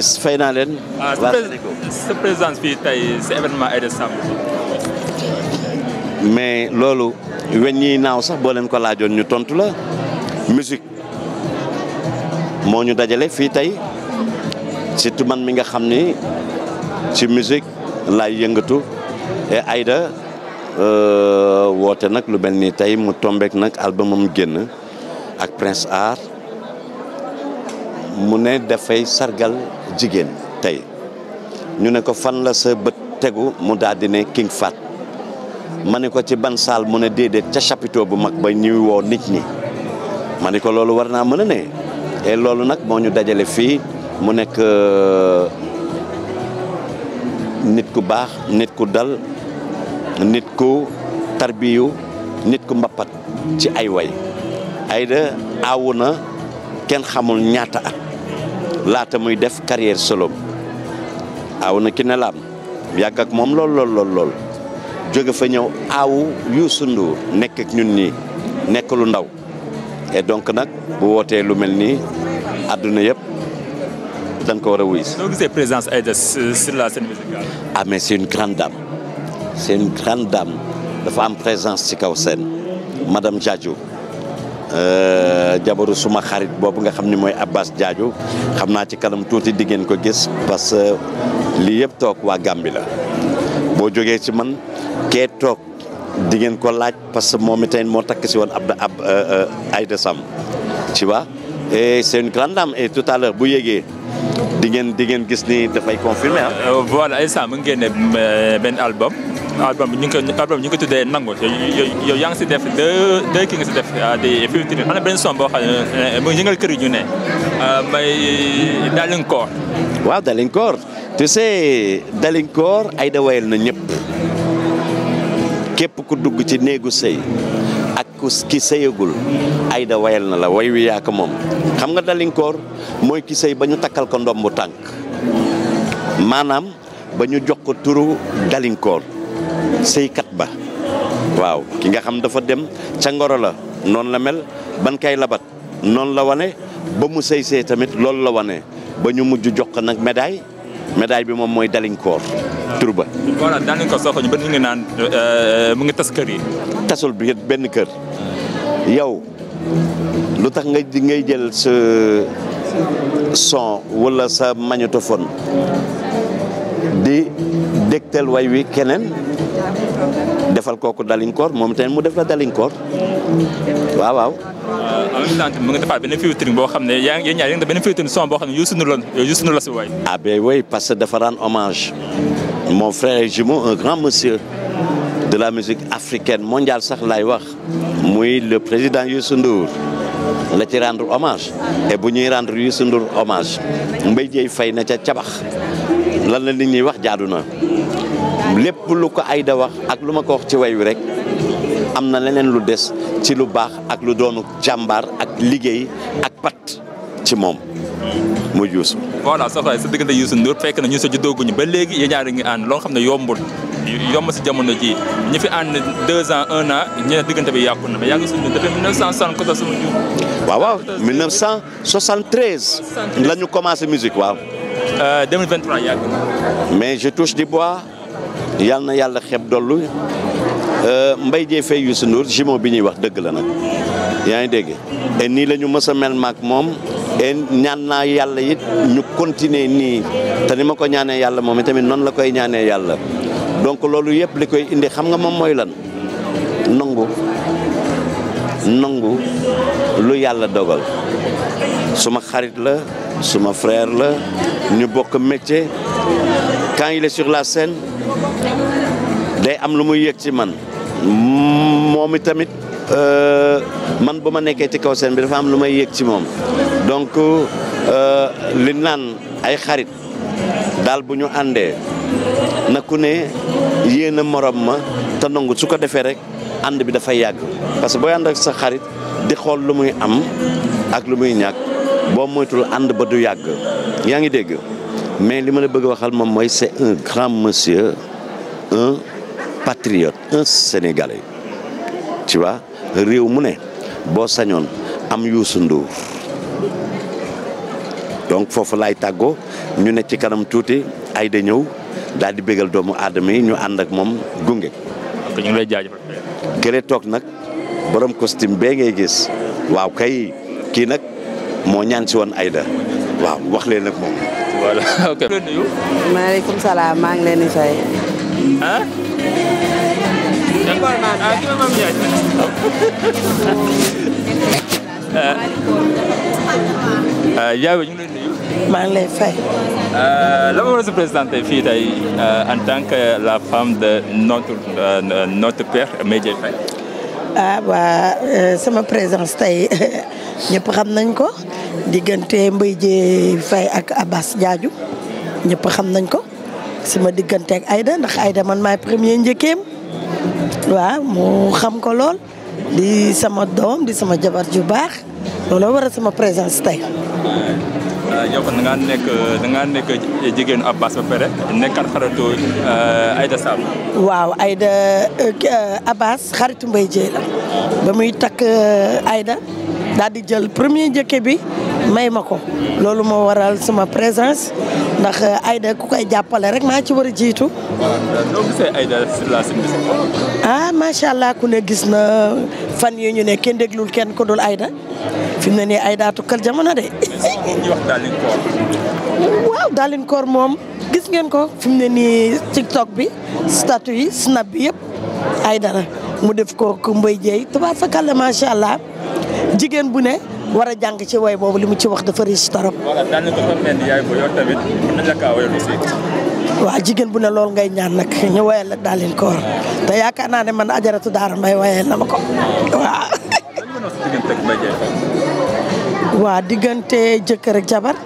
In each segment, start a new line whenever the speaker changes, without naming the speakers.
fay naa leen. waa ah, sa
présence tey événement Aïda Samb.
mais loolu weñ ñiy naaw sax boo leen ko laajoon ñu tontu la musique moo ñu dajale fii tey surtout man mi nga xam ni ci musique laay yëngatu et Aïda euh, woote nag lu mel nii tey mu tombeek nag album am génn ak Prince Art mu ne dafay sargal jigéen tey ñu ne ko fan la sa bët tegu mu daldi ne King Fat ma ne ko ci ban saal mu ne déedéet ca chapiteau bu mag ba ñuy woo nit ñi ma ne ko loolu war naa mën a ne et loolu nag moo ñu dajale fii mu nekk euh, nit ku baax nit ku dal nit ku tarbiyu nit ku mbappat ci ay way Aïda aawu na kenn xamul ñaata at laata muy def carrière solo aw na ki ne laam yàgg ak moom lool lool lool lool jóge fa ñëw aawu Youssou nekk ñun nii nekk lu ndaw et donc nag bu wootee lu mel nii àdduna yëpp dañ ko war a wuy si.
présence Aïda la scène musicale.
ah mais c'est une grande dame c'est une grande dame dafa am présence ci kaw seen madame Diadio. Euh... jabaru suma xarit boobu nga xam ni mooy Abbas Diadio xam naa ci kanam tuuti di ngeen ko gis parce que lii yëpp toog waa Gàmbi la boo jógee ci man kee toog di ngeen ko laaj parce que moom itamit moo takk si woon ab ab euh, euh, Aïda Sam tu vois et c'est une grande dame et bu yégee di ngeen di ngeen gis ni dafay confirmer ah. voilà Aïda Sam mu ngi génne benn
album. album bi ñu ngi ko album bi ñu ko tuddee nangu yow yaa ngi si def deux deux kii nga si def ah, di filtre am boo xam ne eh, mu yëngal kër yi ne ah, may
Dalinkoor. waaw Dalinkoor tu sais Dalinkoor ay ñëpp képp ku dugg ci néegu sëy ak ku ki sëyagul ay na la way wi moom xam nga Dalinkoor mooy ki sëy ba ñu takkal ko ndoom bu tànk maanaam ba ñu jox ko turu Dalinkoor. sëykat ba waaw ki nga xam dafa dem ca ngoro la noonu la mel ban kay labat noonu la wane ba mu sëy sëy tamit loolu la wane ba ñu mujj jox ko nag medaay medaay bi moom mooy dalinkoor tur ba. ngi naan euh, mu ngi tas kër yi. tasul bi benn kër yow lu tax nga ngay ngay jël sa son wala sa magnétophone di. dégtal way wi keneen defal kooku dalinkoor moom tamit mu def la dalinkoor waaw waaw.
en ah, mu ngi defaat benn featuring boo xam ne yaa ngi ñaar yaa ngi def benn boo xam ne Youssou
Ndour la Youssou Ndour la si waay. ah ben parce que dafa rendre hommage mon frère et jumeau un grand monsieur de la musique africaine mondial sax laay wax muy le président Youssou Ndour. la ci rendre hommage et bu ñuy rendre yu Ndour hommage Mbaye Dieye fay na ca cabax lal la li ñi wax jaadu na lépp lu ko Aida wax ak lu ma ko wax ci way wi rek am na leneen lu des ci lu baax ak lu doonu jàmbaar ak liggéey ak pat ci moom mu muy
Youssou. voilà soxna sa diggante Youssou Ndour fekk na ñu sa juddooguñu ba léegi yéen ñaari ngi ànd loo xam ne yombul yomb si jamono ji ñi fi ànd deux ans un an ñeneen diggante bi yàqu na mais yàgg suñu depuis 1974
waaw waaw 1973 la ñu commencé musique waaw. 2023 euh, yàgg mais je touche du bois yal na yàlla xeeb dollu euh, mbay jee fay Youssou Ndour jumeau bi ñuy wax dëgg la nag yaa ngi dégg et nii la ñu mës a mel maak moom et ñaan naa yàlla yit ñu continuer nii te ni ma ko ñaanee yàlla moom i tamit noonu la koy ñaanee yàlla donc loolu yëpp li koy indi xam nga moom mooy lan nangu nangu lu yàlla dogal suma xarit la suma frère la ñu bokk métier quand il est sur la scène day am lu muy yëg ci man moom i tamit euh, man bu ma nekkee ci kaw scène bi dafa am lu may yëg ci moom donc euh, li naan ay xarit daal bu ñu àndee na ku ne yéen a morom ma te nangu su ko defee rek ànd bi dafay yàgg parce booy ànd ak sa xarit di xool lu muy am ak lu muy ñàkk boo moytul ànd ba du yàgg yaa ngi dégg mais li ma la bëgg a waxal moom mooy c'est un grand monsieur un patriote un sénégalais tu vois réew mu ne boo sañoon am yuusu Ndour donc foofu laay tàggoo ñu ne ci kanam tuuti ay da ñëw daal di bégal doomu aadama yi ñu ànd ak moom gunge. ñu lay jaajëfal. toog nag. borom costume bee ngay gis waaw kay kii nag moo ñaan si woon Aida waaw wax leen nag moom. voilà
ok.
maaleykum salaam maa ngi leen di fay.
ah.
Euh, Diaby ñu ngi lay nuyu.
maa ngi lay fay.
Euh, la ma war a se présenter fii tey euh, en tant que la femme de notre notre père Médiaye Faye.
ah waa euh, sama présence tey ñëpp xam nañ ko diggante mbay Dieye fay ak Abbas Diadio ñëpp xam nañ ko sama diggante ak Aïda ndax Aïda man maay premier njëkkeem waa mu xam ko lool di sama doom di sama jabar ju baax looloo waral sama présence tey
Euh, yow kon da ngaa nekk da nekk jigéenu xaritu euh, Aïda Samb.
waaw Aïda euh, Abbas xaritu Mbaye Dieye la ba muy takk Aïda daal di jël premier njëkke bi may ma ko loolu moo waral sama présence ndax ayda ku koy jàppale rek maa ci war a jiitu. noo ah, macha allah ku ne gis na fan yi ñu ne kenn déglul kenn ko dul Aïda. fi ne nii ay daa tukkal jamono de. waaw daalin moom gis ngeen ko fi mu ne nii tiktok bi statut yi snap bi yépp ay dara mu def ko ku Mbaye Dieye tubaab fakalla macha allah jigéen bu ne. war a jàng ci woy boobu li mu ci wax dafa riche trop. voilà jigéen bu ne loolu ngay ñaan nag ñu woyal la daal leen koor te yaakaar naa ne man ajaratu daara mbay woyal na ma ko waa diggante jëkkër ak jabar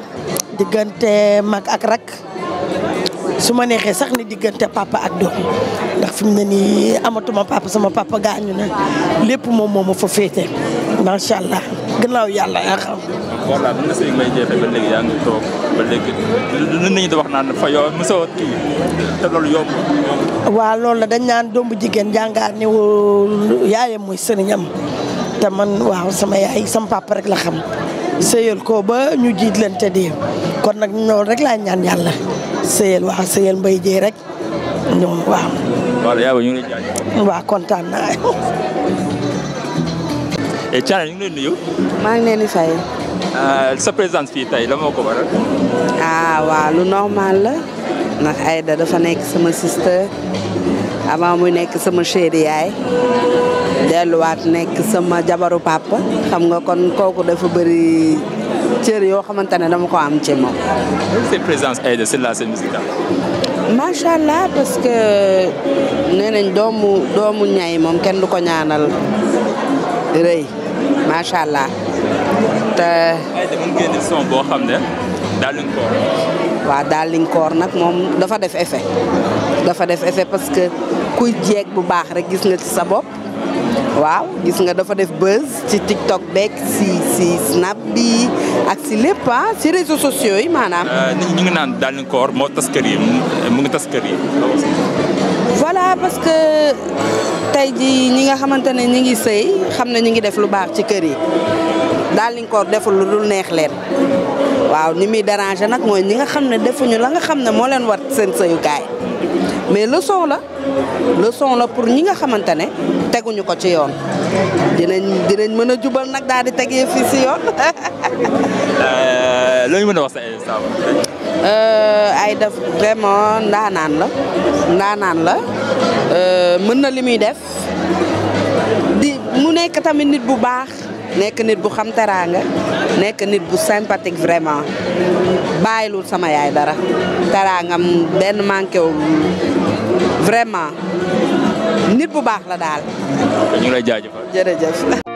diggante mag ak rek su ma neexee sax ni diggante papa ak doom ndax fi mu ne nii amatuma papa sama papa gaañu na lépp moom moo ma fa féete macha allah
gannaaw yàlla yaa xam. voilà mën na may jeexee ba léegi yaa ngi toog ba léegi lu nit ñi di naan fa yow mosoo kii te loolu yomb.
waaw loolu la dañ naan doomu jigéen jàngaar ne yaayam mooy sëriñam. te man waaw sama yaay sama papa rek la xam sëyal ko ba ñu jiit leen te kon nag noonu rek la ñaan yàlla sëyal waaw sëyal mbay jee rek ñoom waaw.
waaw yaa ñu ngi kontaan naa. Eh, Thiané ñu ngi leen nuyu. maa ngi leen di fay. Ah, sa présence fii tey la moo ko waral.
ah waaw lu normal la. ndax Aïda dafa nekk sama sister. avant mu nekk sama chéri yaay delluwaat nekk sama jabaru papa xam nga kon kooku dafa bëri cër yoo xamante ne dama ko am ci moom. c'est allah parce que nee nañ doomu doomu ñay moom kenn du ko ñaanal rëy macha allah te. Aïda mu nag moom dafa def effet dafa def effet parce que. kuy jeeg bu baax rek gis nga ci sa bopp waaw gis nga dafa def buzz ci TikTok beeg si si snap bi ak si lépp ah si réseaux sociaux yi maanaam.
Euh, ñu ngi naan daal ni koor moo tas kër yi mu ngi tas kër yi.
voilà parce que tey ji ñi nga xamante ne ñi ngi sëy xam na ñu ngi def lu baax ci kër yi. daal Linkoor deful lu dul neex leen waaw ni muy déranger nag mooy ñi nga xam ne defuñu la nga xam ne moo leen war seen sëyukaay mais leçon la leçon la pour ñi nga xamante ne teguñu ko ci yoon dinañ dinañ mën a jubal nag daal di tegee fii si yoon.
Euh, mën a wax sa
euh, ay def vraiment ndaanaan la ndaanaan la euh, mën na li muy def di mu nekk tamit nit bu baax. nekk nit bu xam teraanga nekk nit bu sympathique vraiment bàyyilul sama yaay dara teraangam benn manqué wu vraiment nit bu baax la daal.
ñu lay jaajëfal
jërëjëf.